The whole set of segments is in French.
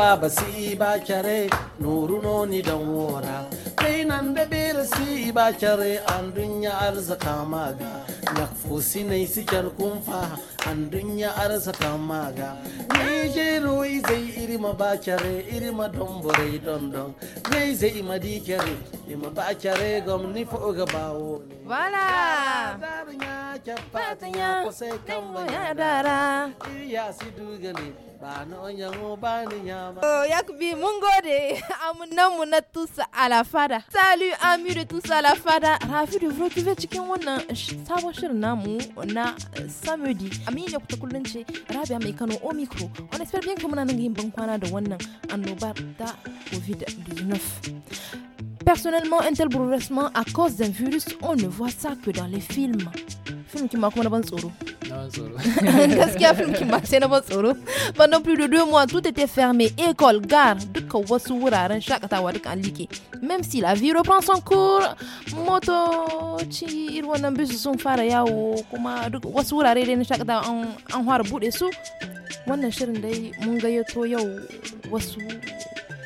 baba si ba kare nuruno ni dan wora kai nan da bera si ba kare an dunya arzaka maga na fusi nai maga ne je irima ba irima don borai don don ne zai ima di fo ga ke patanya ko sai kan ya dara iya si dugale ba na onya mo ba ni nyama oh yakubi mun gode amunan mu na tusa alafada salut amis de tous à la fada ravi de vous retrouver cikin wannan sabon shirin namu na samedi amina ku ta kullun ce rabia mai kano o micro on espère bien que muna nan yin bankwana da wannan annobar ta covid-19 Personnellement, un tel bouleversement à cause d'un virus, on ne voit ça que dans les films. Film qui m'a comme tsoro. Gaskiya film qui m'a c'est ban tsoro. Pendant plus de deux mois, tout était fermé. École, gare, duka wasu chaque shakatawa duka an Même si la vie reprend son cours, moto ci irin wannan bisu sun fara yawo kuma duk wasu wurare dai na shakatawa an fara bude su. Wannan shirin dai mun gayyato yau wasu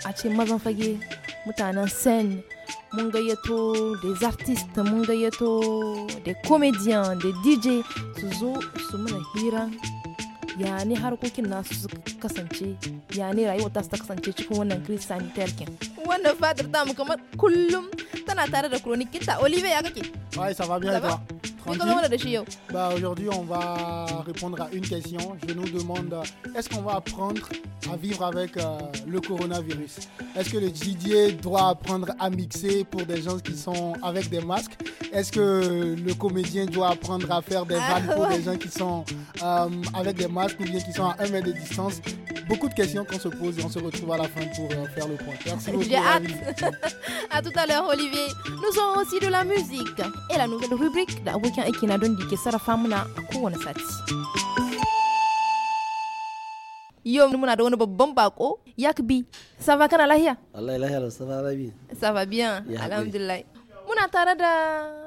a ce mazan fage mutanen scène mun des artistes mun des comédiens, des dj su zo hiran, muna hira ya ne harkokin nasu su kasance ya ne rayuwar ta kasance wannan sanitaire kin wannan fadar tamu kamar kullum tana tare da kronikinta Olive, ya kake ai ça va bien bah, aujourd'hui, on va répondre à une question. Je nous demande est-ce qu'on va apprendre à vivre avec euh, le coronavirus Est-ce que le Didier doit apprendre à mixer pour des gens qui sont avec des masques Est-ce que le comédien doit apprendre à faire des ah, vannes pour des gens qui sont euh, avec des masques ou bien qui sont à un mètre de distance Beaucoup de questions qu'on se pose et on se retrouve à la fin pour euh, faire le point. Merci J'ai hâte. à tout à l'heure, Olivier. Nous avons aussi de la musique et la nouvelle rubrique. La abokin aiki na don dike sarrafa muna a kowane sati yau muna da wani babban bako yakbi safa kana lahiya Allah lahiya da safa rabi safa biyan alhamdulillah muna tare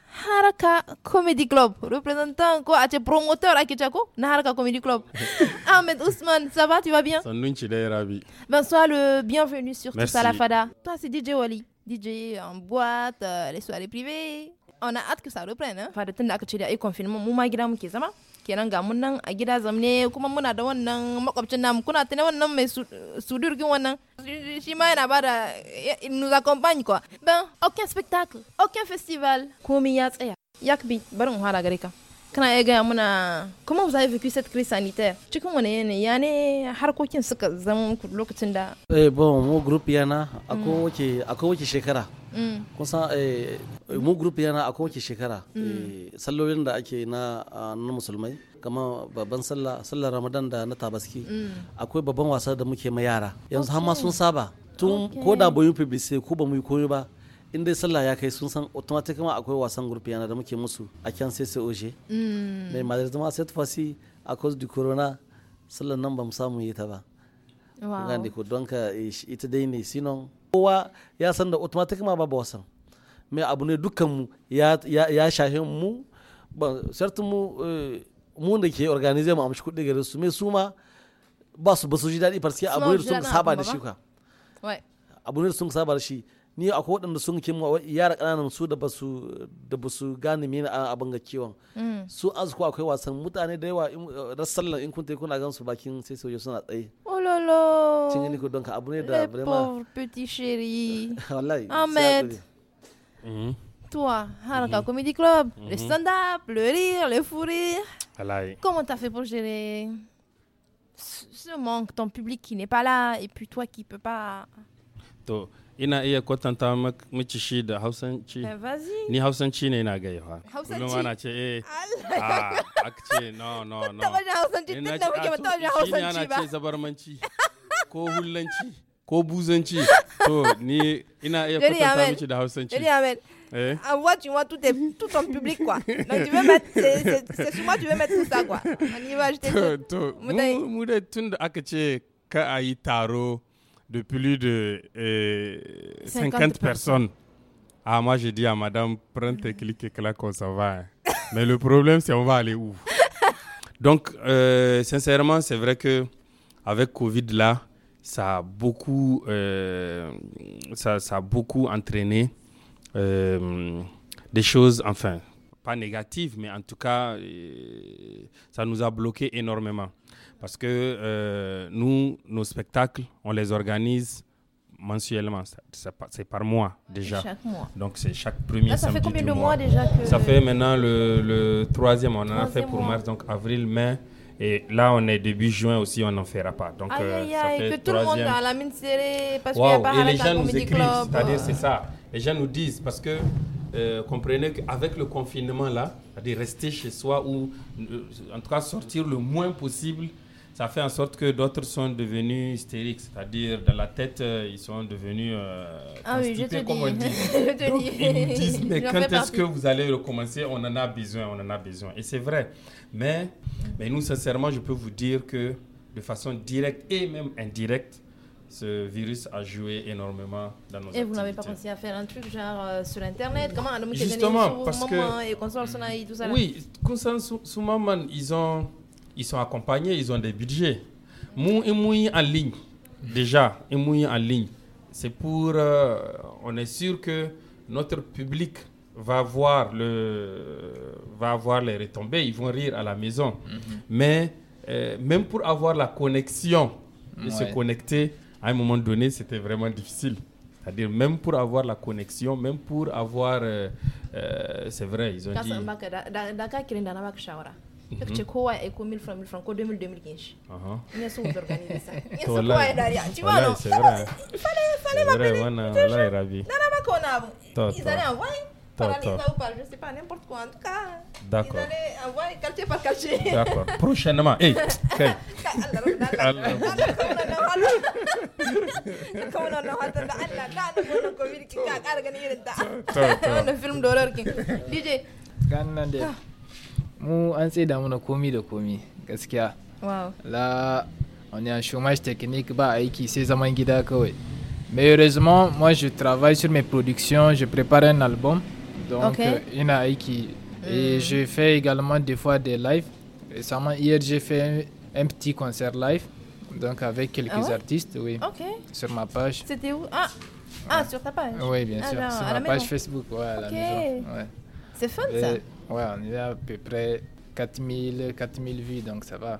haraka comedy club représentant ko a ce promoteur ake ko na haraka comedy club Ahmed Ousmane ça va tu vas bien Sandunchi ravi ben sois le bienvenu sur Merci. toi c'est DJ Wali, DJ en boîte euh, les soirées privées ona atki saro ne fara tunda aka ce da ai confinement mu ma gida muke zama kenan ga mun nan a gida zamne kuma muna da wannan makwabcin namu kuna tana wannan mai sudurgin wannan shi ma yana bada nous accompagne quoi ben aucun spectacle aucun festival Komi ya tsaya yakbi bari in gare ka kana iya gaya muna kuma ku zai fi set crise sanitaire cikin wani yanayi ya ne harkokin suka zama lokacin da eh bon mu group yana akwai mm. wace shekara kusan eh, mu grup yana a kowace shekara mm. eh, sallolin da ake na musulmai kama babban sallah sallar ramadan da na tabaski mm. akwai babban wasa da muke ma yara yanzu har ma sun saba tun ko da bayu pbc ko ba mu yi koyo ba in dai sallah ya kai sun san automatic ma akwai wasan grup yana da muke musu a kyan sai sai oje mm. mai madrid ma sai tafasi a cause di corona sallar nan ba mu samu yi ta ba Wow. ko don ka eh, ita dai ne sinon kowa ya san da automatic ma babu wasan mai abu ne dukkanmu ya, ya, ya shahin mu sartin mu eh, mu da ke organize mu amshi kuɗi gare su mai su ma ba su ba su ji daɗi farsiya abu ne da sun saba da shi ka abu ne da sun saba da shi ni akwai waɗanda sun ke yara ƙananan su da ba su da ba su gane mene a abin ga kiwon mm. su azuku akwai wasan mutane da yawa eh, rassallan in kun tayi kuna gan su bakin sai sojo suna tsaye Pauvre petit chéri. Ahmed. Mm-hmm. Toi, Haraka mm-hmm. Comedy Club, le mm-hmm. stand-up, le rire, le fou rire. là, Comment t'as fait pour gérer ce manque, ton public qui n'est pas là, et puis toi qui peux pas. ina iya kwatanta miki shi da hausanci ni hausanci ne na gaya fa kullum ana ce eh Allah ah, aka ce no no no taba da hausanci ah, tun da muke ba taba da hausanci ba ana ce zabarmanci ko hullanci ko buzanci to ni ina iya kwatanta miki da hausanci Eh? and what tu want tout, est, tout ton public, quoi. Donc, tu veux mettre. C'est c'est moi, tu veux mettre tout ça, quoi. On y va, je tout mu Mouda, tun da aka ce ka a yi taro de plus de 50, eh, personnes. Ah, moi, j'ai dit à madame, prends tes clics et claques, on s'en va. Hein. Mais le problème, c'est on va aller où Donc, euh, sincèrement, c'est vrai que avec Covid, là, ça a beaucoup, euh, ça, beaucoup entraîné euh, des choses, enfin, pas négatives, mais en tout cas, ça nous a bloqué énormément. Parce que euh, nous, nos spectacles, on les organise mensuellement, c'est par mois déjà. Chaque mois. Donc c'est chaque premier Là, ça fait combien de mois, déjà que Ça fait maintenant le, troisième, on en a fait pour mars, donc avril, mai. Et là, on est début juin aussi, on n'en fera pas. Donc, aïe, euh, aïe, ça fait que tout le monde a la mine serrée parce qu'il n'y a pas Et les gens nous écrivent, c'est-à-dire, c'est ça. Les gens nous disent, parce que euh, comprenez qu'avec le confinement là, c'est-à-dire rester chez soi ou en tout cas sortir le moins possible, ça fait en sorte que d'autres sont devenus hystériques, c'est-à-dire dans la tête, euh, ils sont devenus. Euh, ah oui, je te dis. je te Ils disent, mais quand est-ce que vous allez recommencer On en a besoin, on en a besoin. Et c'est vrai. Mais, mais nous, sincèrement, je peux vous dire que de façon directe et même indirecte, ce virus a joué énormément dans nos Et vous n'avez pas pensé à faire un truc genre euh, sur Internet Comment Justement, parce que... Et tout ça, oui, ils ont ils sont accompagnés, ils ont des budgets. Mou mouillent en ligne, déjà, ils mouillent en ligne. C'est pour. Euh, on est sûr que notre public va voir, le, va voir les retombées, ils vont rire à la maison. Mm-hmm. Mais euh, même pour avoir la connexion et se connecter, à un moment donné, c'était vraiment difficile. C'est-à-dire, même pour avoir la connexion, même pour avoir. Euh, c'est vrai, ils ont dit. فك هو يكون من فرنكو فرنكو 2000 2000 كينش اها الناس هو اورجانيزي سا والله والله فلا فلا ما بين والله رابي لا لا ما كنا اذا D'accord. dans an commis de komi da komi gaskiya wow. Là, on est en chômage technique ba aiki sai zaman gida kawai mais heureusement moi je travaille sur mes productions je prépare un album donc okay. ina aiki et hmm. je fais également des fois des lives récemment hier j'ai fait un, petit concert live donc avec quelques ah artistes oui sur ma page c'était où ah ah, sur ta page Oui, bien sûr, sur ma page Facebook, C'est fun, ça Ouais, on est à peu près 4000, 4000 vues, donc ça va.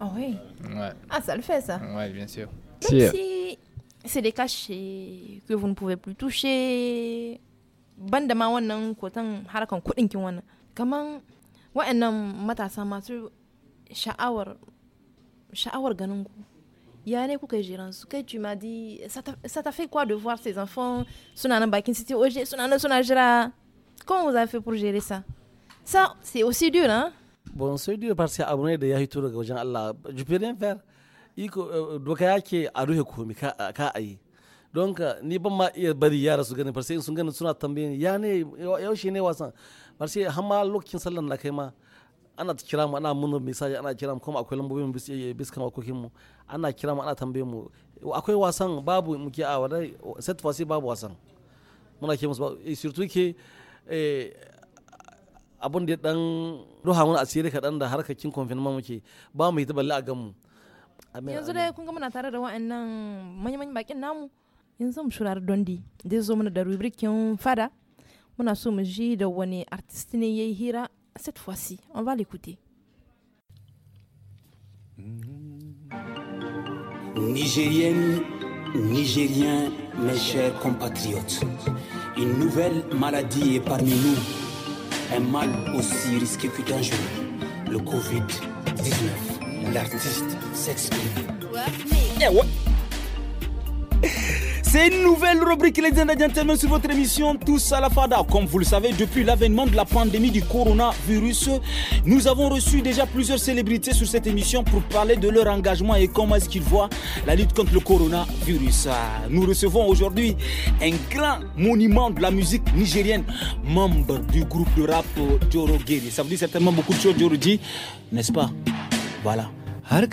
Ah oh oui ouais. Ah, ça le fait, ça Ouais, bien sûr. Même si, c'est des cachets que vous ne pouvez plus toucher, banda ma wannan kotan harkan kuɗin kin wannan. Kaman wa'annan matasa masu sha'awar sha'awar ganin ku. Ya ne kuka jiran su kai tu m'as dit ça t'a fait quoi de voir ces enfants suna nan bakin city oje suna nan suna jira comment vous avez fait pour gérer ça Ça, c'est aussi dur, hein Bon, c'est dur parce que da ya hito eh, wajen Allah. iko doka yake a ruhe komi ka a ni ban ma iya bari yara su gani parce sun gani suna tambayin ya ne yaushe ne wasan. Parce har ma lokacin sallan na kai ma ana kira mu ana mun misali ana kira mu kuma akwai lambobin biskan wakokin mu ana kira mu ana mu akwai wasan babu muke a ah, set fasi babu wasan muna ke musu eh, surtout ke abin da ya dan ruha mana asiri kaɗan da harkakin confinement muke ba mu hita balle a ganmu yanzu dai kun ga muna tare da wa'annan manyan bakin namu yanzu mu shurari dondi zai zo mana da rubrikin fada muna so mu ji da wani artist ne ya hira cette fois-ci on va l'écouter Nigérienne, Nigérien, mes chers compatriotes, une nouvelle maladie est parmi nous un mal aussi risqué que dangereux, le Covid-19. L'artiste s'exprime. Eh c'est une nouvelle rubrique, les gentlemen, sur votre émission Tous à la Fada. Comme vous le savez, depuis l'avènement de la pandémie du coronavirus, nous avons reçu déjà plusieurs célébrités sur cette émission pour parler de leur engagement et comment est-ce qu'ils voient la lutte contre le coronavirus. Nous recevons aujourd'hui un grand monument de la musique nigérienne, membre du groupe de rap Joro Ça veut dire certainement beaucoup de choses, n'est-ce pas Voilà avant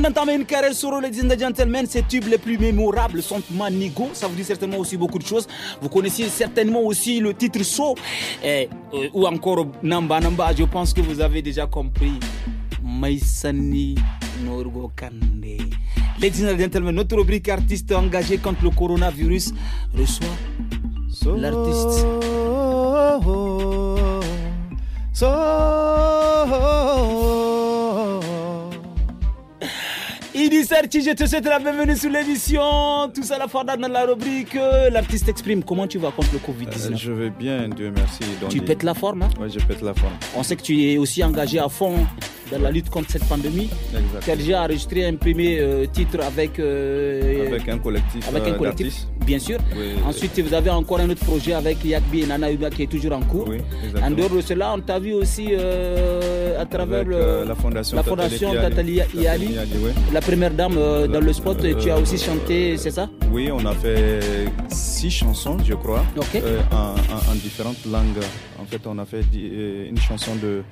d'entamer une carrière sur les and Gentlemen, ces tubes les plus mémorables sont Manigo. Ça vous dit certainement aussi beaucoup de choses. Vous connaissez certainement aussi le titre So et, eh, euh, ou encore Namba Namba. Je pense que vous avez déjà compris. Maïsani Norgo Kande. Ladies and gentlemen, notre rubrique artiste engagé contre le coronavirus reçoit l'artiste. So, Idi Serti, je te souhaite la bienvenue sur l'émission. Tout ça, la fois dans la rubrique. Euh, l'artiste exprime. Comment tu vas contre le Covid-19 euh, Je vais bien, Dieu merci. tu pètes la forme hein? Oui, je pète la forme. On sait que tu es aussi engagé à fond dans la lutte contre cette pandémie. as déjà enregistré un premier euh, titre avec, Avec un collectif bien sûr. Ensuite, vous avez encore un autre projet avec Yakbi et Nana Uba qui est toujours en cours. en dehors de cela, on t'a vu aussi euh, à travers euh, la fondation, la la première dame euh, dans le spot. tu as aussi chanté, c'est ça Oui, on a fait six chansons, je crois, en, différentes langues. En fait, on a fait une chanson de,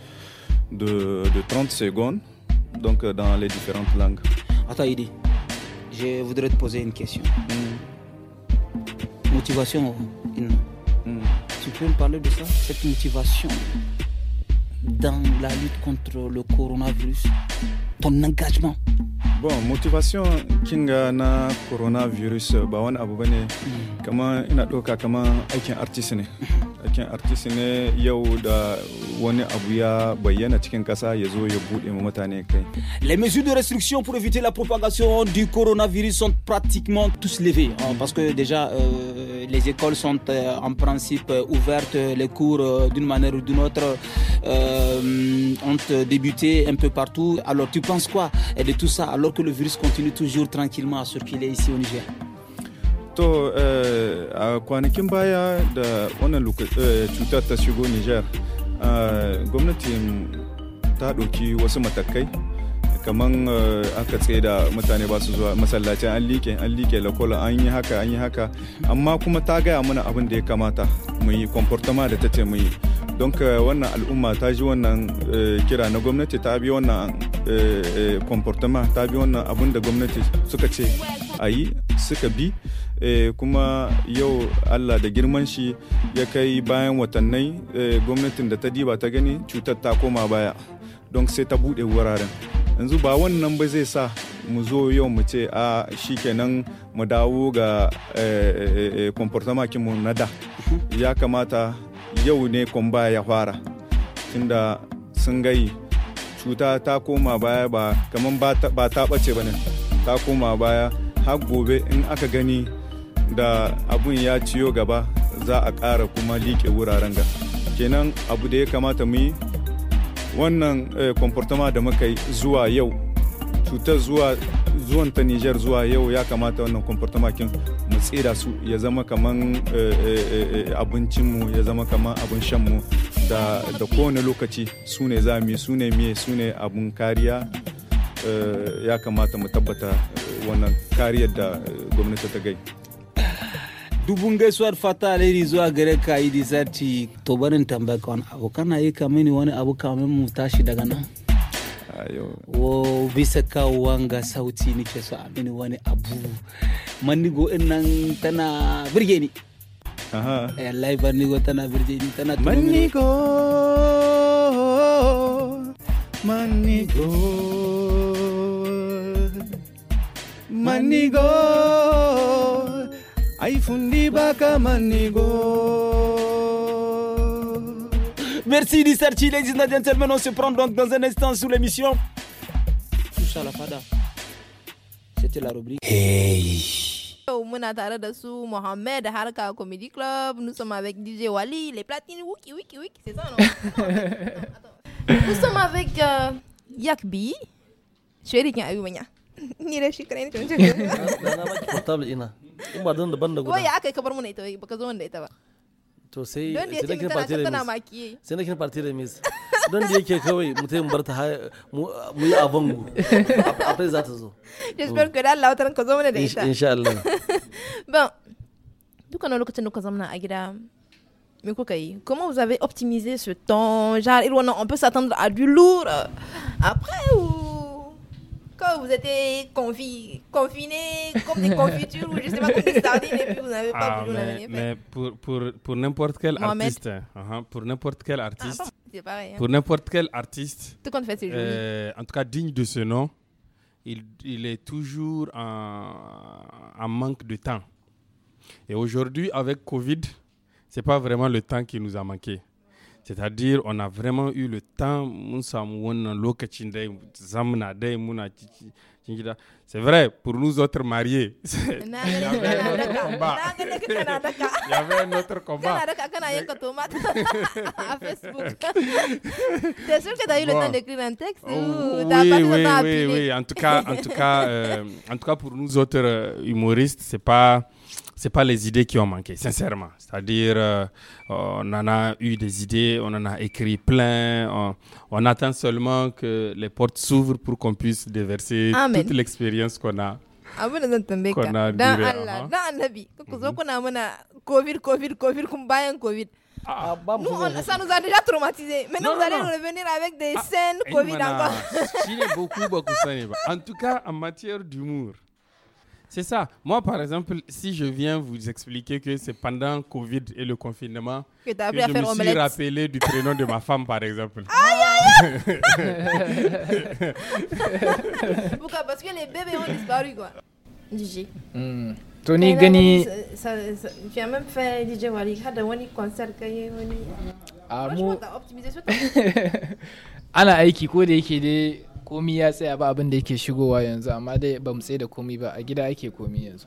de, 30 secondes, donc dans les différentes langues. Attends, Idi, je voudrais te poser une question. Mm motivation. Mm. Mm. Tu peux me parler de ça Cette motivation dans la lutte contre le coronavirus, ton engagement motivation kinga coronavirus les mesures de restriction pour éviter la propagation du coronavirus sont pratiquement tous levées hein, parce que déjà euh, les écoles sont euh, en principe euh, ouvertes les cours d'une manière ou d'une autre ont débuté un peu partout alors tu penses quoi de tout ça alors que le virus continue toujours tranquillement à circuler ici au Niger To eh, a kwanakin baya da wannan eh, cutar ta shigo Niger, eh, gwamnati ta ɗauki wasu matakai kamar aka tsaye da mutane ba su zuwa masallacin an like an like lakola an yi haka an yi haka amma kuma ta gaya mana abin da ya kamata mu yi comportement da ta ce mu yi don ka wannan al'umma ta ji wannan kira na gwamnati ta bi wannan Eh, eh, comportement ta bi wannan abun da gwamnati suka ce a yi suka bi eh, kuma yau allah da girman shi ya kai bayan watannai gwamnatin da ta diba ta gani cutar ta koma baya don sai ta bude wuraren yanzu ba wannan ba zai sa mu zo yau mu ce a kenan mu dawo ga mu na da ya kamata yau ne kwamba ya fara inda sun gai cuta ta koma baya ba kamar ba ta ɓace ba ne ta koma baya har gobe in aka gani da abun ya ciyo gaba za a ƙara kuma liƙe wuraren ga kenan abu da ya kamata mu yi wannan kwamfortama eh, da muka yi zuwa yau cutar zuwa zuwan ta Nijar zuwa yau ya kamata wannan kwamfortama mu tsira su ya zama kaman eh, eh, abincinmu ya zama kaman abin shanmu da, da kowane lokaci su ne zami su ne miye su abun kariya eh, ya kamata mu tabbata eh, wannan kariyar da eh, gwamnati ta gai dubun gaisuwar fata alheri zuwa gare ka yi disarci to barin tambaya wani abu kana yi wani abu kamin mu tashi daga nan wo bisa kawowan ga sauti nike so a wani abu manigo nan tana birge ni là, wallahi barnigo tana birjini tana mannigo mannigo mannigo ay fundi baka mannigo Merci Disserti, ladies and gentlemen. On se prend donc dans un instant sous l'émission. Touche la fada. C'était la rubrique. Hey. Muna tare da su Mohamed Haraka Comedy Club. Nous sommes avec DJ Wally, les platines. Wiki, wiki, wiki. C'est ça, non, Nous sommes avec euh, Yakbi. Yakbi. Ayumanya. Ni da shi kare ne. avec Yakbi. portable ina. In ba don daban da guda. Waya aka kabar Yakbi. ita zo wanda ita ba. To sai sai da kin partir da Sai da kin partir don da yake kawai mutum bar ta mu yi a bango akwai za ta zo j'espère que Allah wataran ka zo mana da ita insha Allah bon dukkan lokacin da kuka zama a gida mais Kokaï, comment vous avez optimisé ce temps Genre, on peut s'attendre à du lourd après ou quand vous étiez confi confiné comme des confitures ou je sais pas comme des sardines et puis vous n'avez pas ah, voulu mais, hein, pour n'importe quel, artiste ah, hein. pour n'importe quel artiste pour n'importe quel artiste euh, en tout cas digne de ce nom il, il est toujours en, en manque de temps et aujourd'hui avec Covid ce n'est pas vraiment le temps qui nous a manqué c'est-à-dire on a vraiment eu le temps zamna c'est vrai pour nous autres mariés il y avait notre combat il y avait notre combat à Facebook t'es sûr que t'as eu le temps d'écrire un texte ou t'as oui, pas oui, le temps oui, oui, oui en tout cas en tout cas en tout cas pour nous autres humoristes c'est pas c'est pas les idées qui ont manqué, sincèrement. C'est-à-dire, euh, on en a eu des idées, on en a écrit plein. On, attend seulement que les portes s'ouvrent pour qu'on puisse déverser toute l'expérience qu'on a. Amen. covid covid covid covid ah. Ah, bah, ça nous a déjà traumatisés. Maintenant, non, vous allez revenir avec des ah, scènes eh, Covid encore. en tout cas, en matière d'humour, c'est ça. Moi, par exemple, si je viens vous expliquer que c'est pendant Covid et le confinement que, je me suis rappelé du prénom de ma femme, par exemple. Aïe, aïe, aïe Pourquoi Parce que les bébés ont disparu, quoi. DJ. Hmm. Tony Gani. Tu as même fait DJ Wali. Tu as un concert. Ah, moi. Ana aiki ko des yake komi ya tsaya ba abin da yake shigowa yanzu amma dai ba mu tsaye da komi ba a gida ake komi yanzu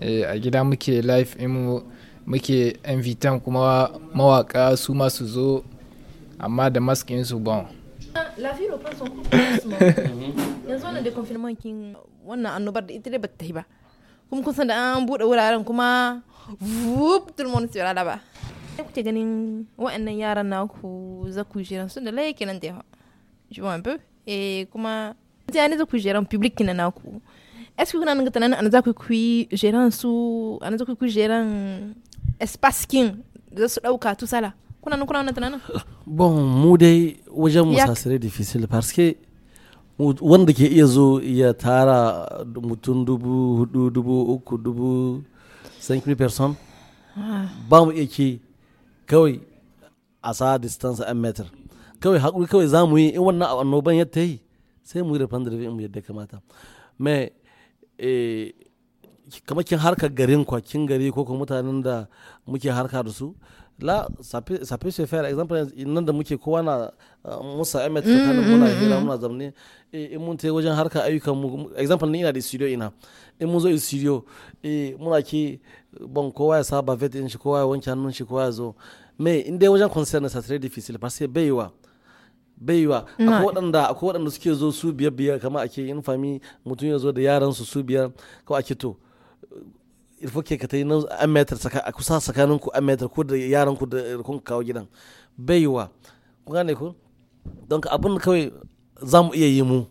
eh, a gida muke live mu muke invitan kuma mawaka su masu zo amma da in su bon la vie son mhm. yanzu wannan deconfinement kin wannan annobar da ita dai bata yi ba kuma kun san da an buɗe wuraren kuma vup tout le monde ba. là-bas sai kuke ganin wa'annan yaran naku za ku shirin su da laye kenan da yawa je un Eh, kuma comment public est-ce que vous un an qui an espace kin su dauka bon ça serait difficile parce que wanda ke iya y ya tara mutum dubu hudu dubu dubu sankiri person ah. sa distance un mètre. kawai haƙuri kawai za mu yi in wannan annoban ya ta yi sai mu yi da mu yadda kamata mai eh, kamar kin harkar garin kwa kin gari ko kuma mutanen da muke harka da su la sape se faire example nan da muke kowa na eh, musa emet mm, tsakanin muna mm, mm. hira muna zamne eh, in mun tai wajen harka ayyukan mu example ni ina da studio ina in mun zo studio muna ki ban kowa ya saba vet din shi kowa ya wanke hannun shi kowa ya zo me in dai wajen concern na saturday difficile parce que bayiwa baiwa mm. akwai waɗanda akwai waɗanda suke zo su biyar biyar kama ake yin fami mutum ya zo da yaran su su biyar kawai ake to il ke ka tayi nan an metar saka a kusa tsakanin ku an metar ko da yaran ku da kun kawo gidan baiwa ku gane ku don ka abin kawai za mu iya yi mu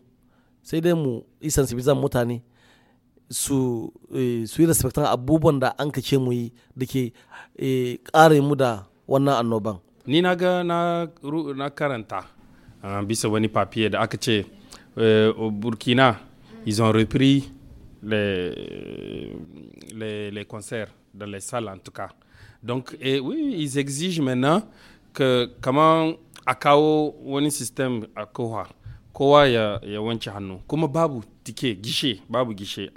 sai dai mu isan su bizan mutane su eh, su yi respectan abubuwan da an kace mu yi da ke kare eh, mu da wannan annoban ni na ga na karanta au ah, eh, burkina ils ont repris les, les, concerts dans les salles en tout cas donc et eh, oui ils exigent maintenant que comment akao wani système a kowa ya, ya hannu kuma babu tike gishe babu gishe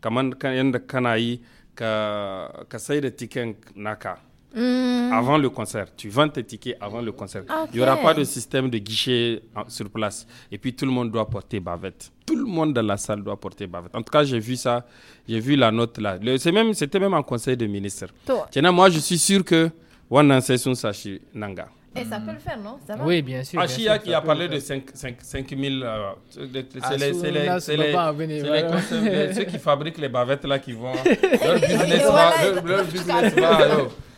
kaman kan yanda kana yi ka, ka naka Mm. avant le concert. Tu vends tes tickets avant le concert. Il n'y aura pas de système de guichet hein, sur place. Et puis tout le monde doit porter bavette. Tout le monde dans la salle doit porter bavette. En tout cas, j'ai vu ça. J'ai vu la note là. C'était même, même un conseil de ministre. Tiens, moi, je suis sûr que Sashi Nanga. Et ça peut le faire, non ça va? Oui, bien sûr. Achia ah, qui a parlé de 5, 000. Euh, c'est les, ceux qui fabriquent les bavettes là qui vont. Leur business va.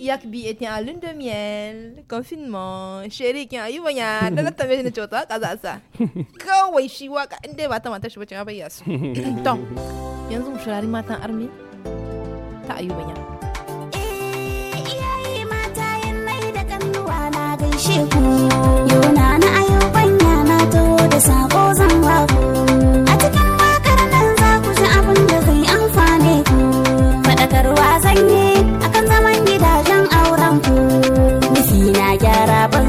Yakbi était en lune de miel, confinement, chérie qui a eu voyage, dans la table de chota, kaza sa. Kawai shi waka inda ba ta mata shi bace ba yasu. To, yanzu mu shirari matan armi ta ayu banya. Eh, iyaye mata yan nai da kannuwa na gaishe ku.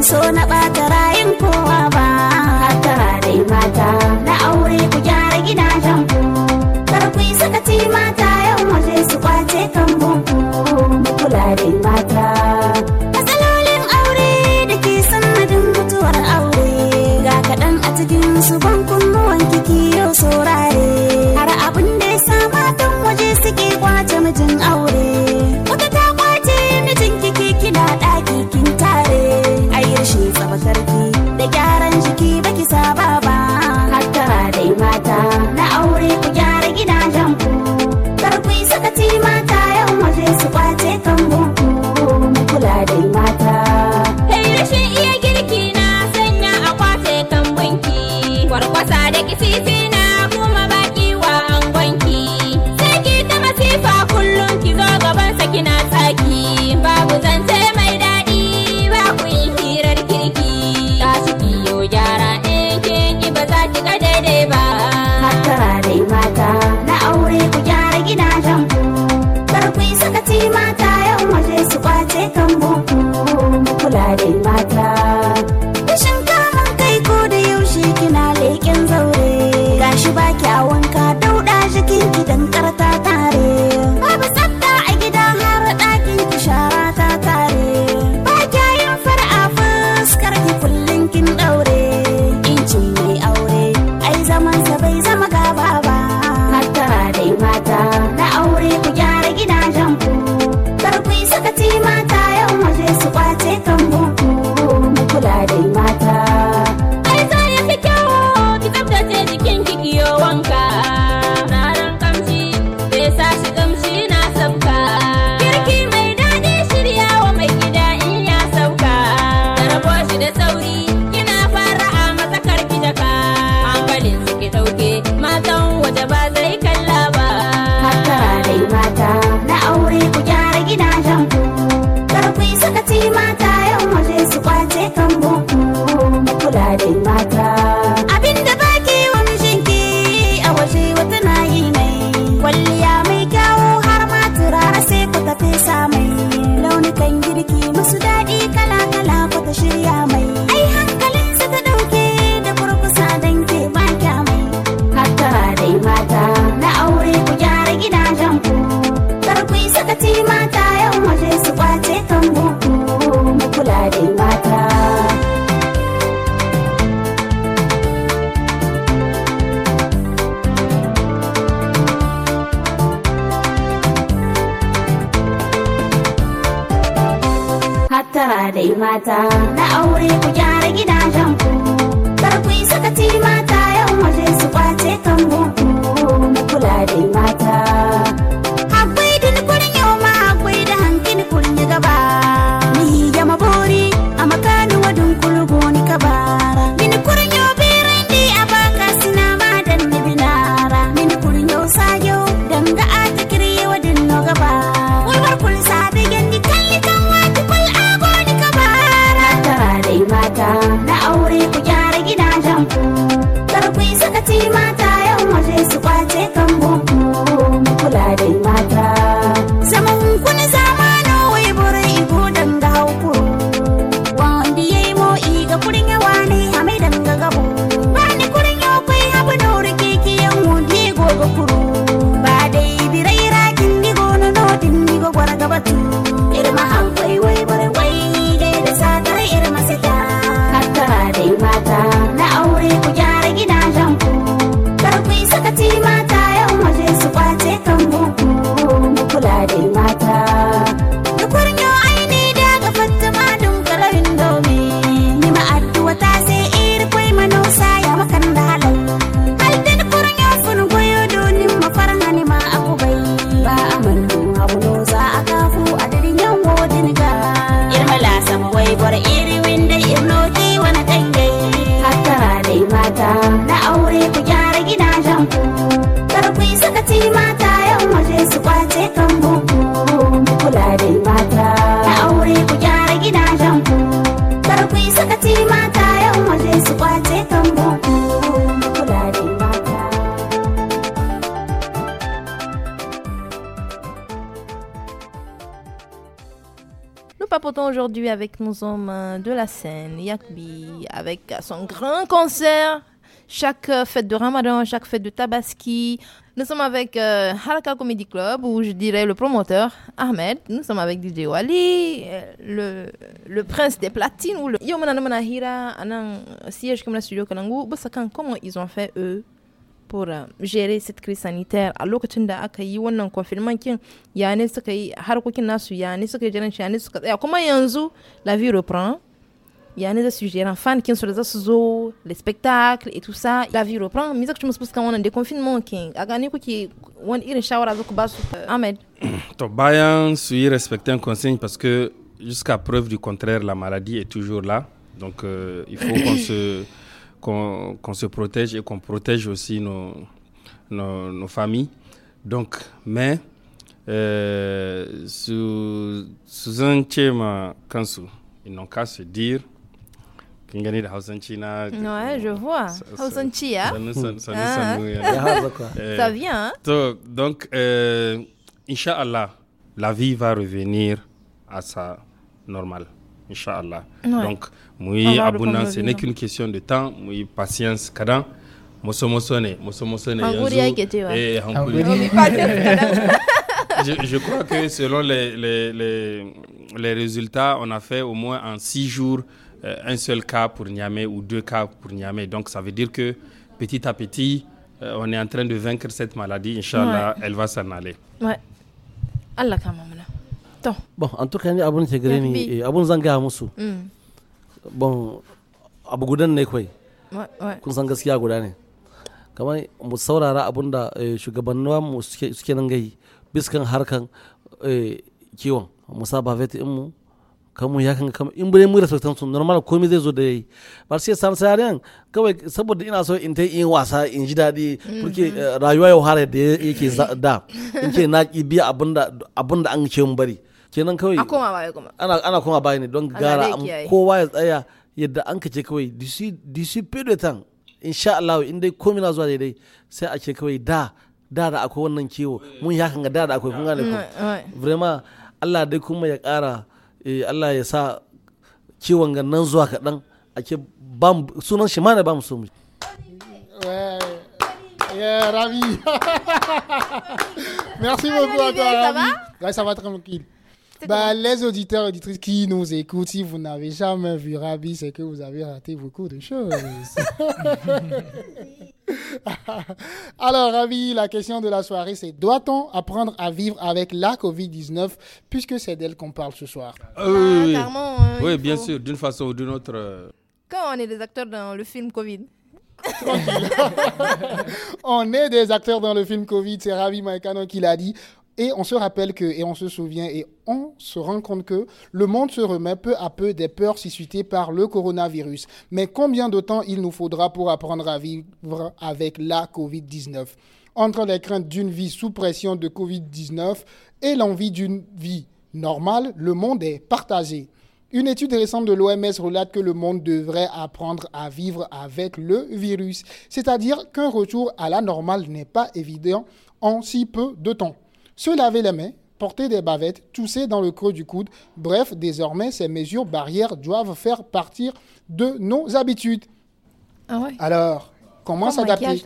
so na ɓata ¡Gracias! yi mata na aure ku gyara gidajen ku kar ku yi sakaci mata yau waje su kwace kan mu kula da mata aujourd'hui avec nos hommes hein, de la scène, Yakbi, avec son grand concert. Chaque euh, fête de Ramadan, chaque fête de Tabaski. Nous sommes avec euh, Haraka Comedy Club, où je dirais le promoteur Ahmed. Nous sommes avec DJ ali euh, le, le prince des platines. Ou le... studio Comment ils ont fait eux pour euh, gérer cette crise sanitaire a lokacin da aka yi wannan confinement kin ya ne suka yi harkokin nasu ya ne suka jiran ya ne suka tsaya kuma yanzu la vie reprend ya ne za su gérer fan kin su da za zo les spectacles et tout ça la vie reprend me zaka ci musu kan wannan déconfinement kin a gane kuke wani irin shawara za ku ba su euh, Ahmed to bayan su respecter un conseil parce que jusqu'à preuve du contraire la maladie est toujours là donc euh, il faut qu'on se qu'on se protège et qu'on protège aussi nos, familles. Donc, mais euh, sous un thème kansu, ils n'ont qu'à se dire kin de da na Non, je vois ça vient donc euh, inshallah la vie va revenir à sa normale donc, oui, abonnance. ce n'est qu'une question de temps, oui patience kadan. Eh, je, crois que selon les, les, les, résultats, on a fait au moins en six jours euh, un seul cas pour Niamey ou deux cas pour Niamey. Donc ça veut dire que petit à petit, euh, on est en train de vaincre cette maladie. Inch'Allah, elle va s'en aller. Oui Allah quand même. to bon en tout cas ni abun ke ni eh, abun zanga gaya musu hmm. bon abu gudan ne kawai kun san gaskiya guda ne kamar mu saurara abun da eh, shugabannin mu suke nan gai biskan harkan eh, kiwon mu sa ba vet mu kamu ya kan kama in bai mu da sautan su normal komai zai zo da yayi ba sai san sayan kawai saboda ina so in ta yi wasa in ji daɗi hmm. kuke rayuwa yau har da yake da in ke na ki biya abinda abinda an ce mu bari kenan kawai a koma baya kuma ana ana koma baya ne don gara kowa ya tsaya yadda an kace kawai dc period insha Allah in dai komina na zuwa daidai sai a ce kawai da da da akwai wannan kiwo mun ya kanga da da akwai kun gane ku vraiment Allah dai kuma ya kara eh, Allah ya sa kiwon gannan zuwa kaɗan ake bam sunan shi ma ne bam so mu Yeah, ravi. Merci beaucoup à toi, Ravi. Ça va? ça va tranquille. bah, les auditeurs et auditrices qui nous écoutent, si vous n'avez jamais vu Rabi, c'est que vous avez raté beaucoup de choses. Alors, Ravi, la question de la soirée, c'est doit-on apprendre à vivre avec la COVID-19 puisque c'est d'elle qu'on parle ce soir ah, ah, hein, Oui, bien sûr, d'une façon ou d'une autre. Euh. Quand on est des acteurs dans le film COVID on est des acteurs dans le film Covid, c'est Ravi Maïkano qui l'a dit. Et on se rappelle que, et on se souvient, et on se rend compte que le monde se remet peu à peu des peurs suscitées par le coronavirus. Mais combien de temps il nous faudra pour apprendre à vivre avec la COVID-19 Entre les craintes d'une vie sous pression de COVID-19 et l'envie d'une vie normale, le monde est partagé. Une étude récente de l'OMS relate que le monde devrait apprendre à vivre avec le virus, c'est-à-dire qu'un retour à la normale n'est pas évident en si peu de temps. Se laver les mains, porter des bavettes, tousser dans le creux du coude. Bref, désormais, ces mesures barrières doivent faire partir de nos habitudes. Ah Alors, comment s'adapter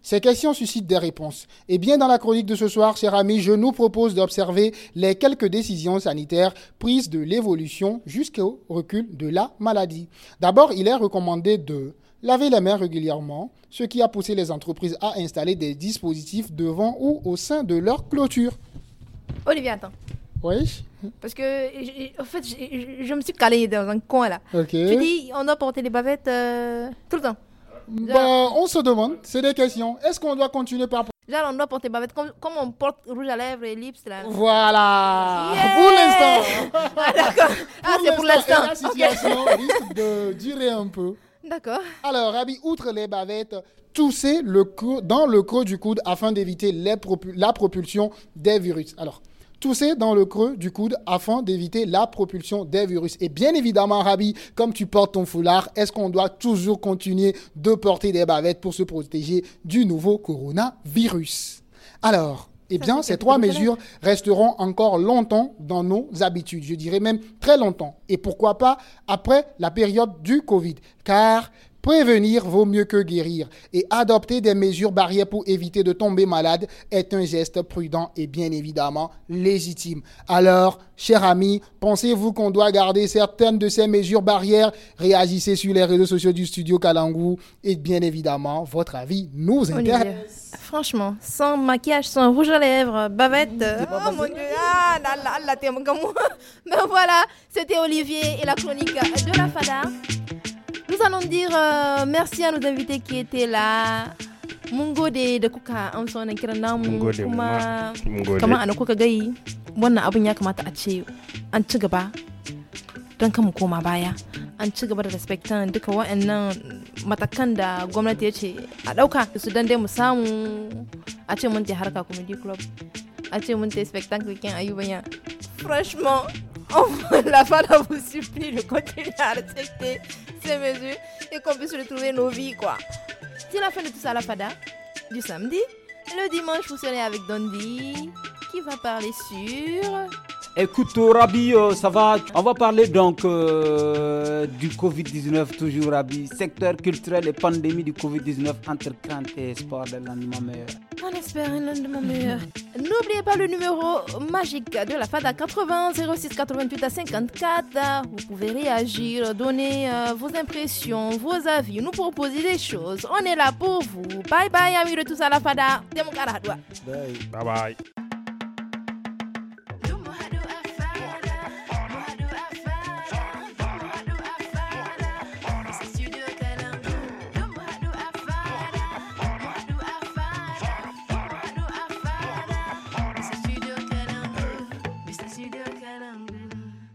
ces questions suscitent des réponses. Et eh bien dans la chronique de ce soir, chers amis, je nous propose d'observer les quelques décisions sanitaires prises de l'évolution jusqu'au recul de la maladie. D'abord, il est recommandé de laver les mains régulièrement, ce qui a poussé les entreprises à installer des dispositifs devant ou au sein de leur clôture. Olivier, attends. Oui. Parce que, en fait, je me suis calé dans un coin là. Ok. Tu dis, on doit porter les bavettes euh, tout le temps. Bah, on se demande, c'est des questions. Est-ce qu'on doit continuer par. Genre, on doit porter bavette comme, comme on porte rouge à lèvres et lips là. Voilà Pour l'instant d'accord ah, c'est pour l'instant La situation risque de durer un peu. D'accord. Alors, Rabbi, outre les bavettes, tousser le cou dans le creux du coude afin d'éviter la propulsion des virus. Alors, tousser dans le creux du coude afin d'éviter la propulsion des virus. Et bien évidemment, Rabi, comme tu portes ton foulard, est-ce qu'on doit toujours continuer de porter des bavettes pour se protéger du nouveau coronavirus Alors, eh bien, ces trois mesures resteront encore longtemps dans nos habitudes, je dirais même très longtemps. Et pourquoi pas après la période du Covid, car Prévenir vaut mieux que guérir et adopter des mesures barrières pour éviter de tomber malade est un geste prudent et bien évidemment légitime. Alors, chers amis, pensez-vous qu'on doit garder certaines de ces mesures barrières Réagissez sur les réseaux sociaux du studio Kalangou et bien évidemment, votre avis nous intéresse. Franchement, sans maquillage, sans rouge à lèvres, bavette. Mmh, oh mon dieu, ah là là, Mais ben voilà, c'était Olivier et la chronique de la Fada nous allons dire euh, merci à nos invités qui étaient là. mun gode da kuka amsa wannan kiran namu kuma kama ana kuka gai wannan abin ya kamata a ce an ci gaba don kama koma baya an ci gaba da respectan duka wa'annan matakan da gwamnati ya ce a ɗauka su don dai mu samu a ce mun je harka comedy club a ce mun je spectacle kin ayubanya franchement on la fin vous supplie de continuer à respecter et mesures et qu'on puisse retrouver nos vies, quoi. C'est la fin de tout ça, la fada. Du samedi, le dimanche, vous serez avec Dondi qui va parler sur... Écoute, Rabi, euh, ça va On va parler donc euh, du Covid-19, toujours, Rabi. Secteur culturel et pandémie du Covid-19 entre crainte et sport d'un lendemain meilleur. On espère un lendemain meilleur. N'oubliez pas le numéro magique de la FADA 80 06 88 à 54. Vous pouvez réagir, donner euh, vos impressions, vos avis, nous proposer des choses. On est là pour vous. Bye bye, amis de tous à la FADA. Bye Bye bye.